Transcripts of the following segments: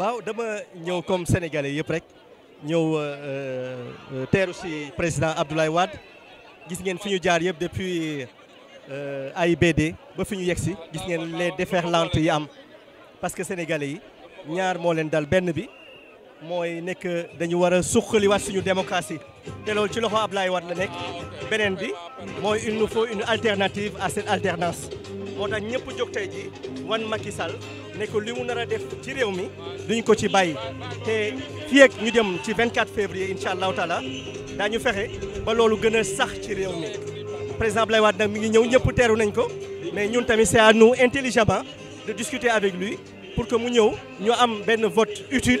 waaw dama ñëw comme sénégalais yëpp rek ñëw euh, euh, euh, teeru ci président Abdoulaye Wade gis ngeen fi ñu jaar yëpp depuis AIBD ba fi ñu yegg si gis ngeen les déferlantes yi am parce que sénégalais yi ñaar moo leen dal benn bi. moy nek dañu wara a suqaliwaat suñu démocratie té loolu ci loxo Ablaye wat la nek benen bi moy il nous faut une alternative à cette alternance moo ñepp ñëpp tay ji wan Macky Sall ne ko limu nara def ci réew mi duñ ko ci bàyyi té fii ak ñu dem ci 24 février Inshallah taala dañu fexé ba loolu gëna sax ci réew mi président Ablaye wat nak mi ngi ñew ñepp téru nañ ko mais ñun tamit c'est à nous intelligemment de discuter avec lui pour que mu ñew ñu am benn vote utile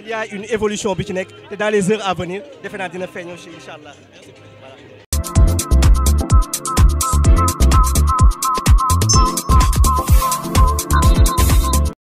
il y a une évolution au ci et dans les heures à venir defe naa dina feeñoo Inch'Allah.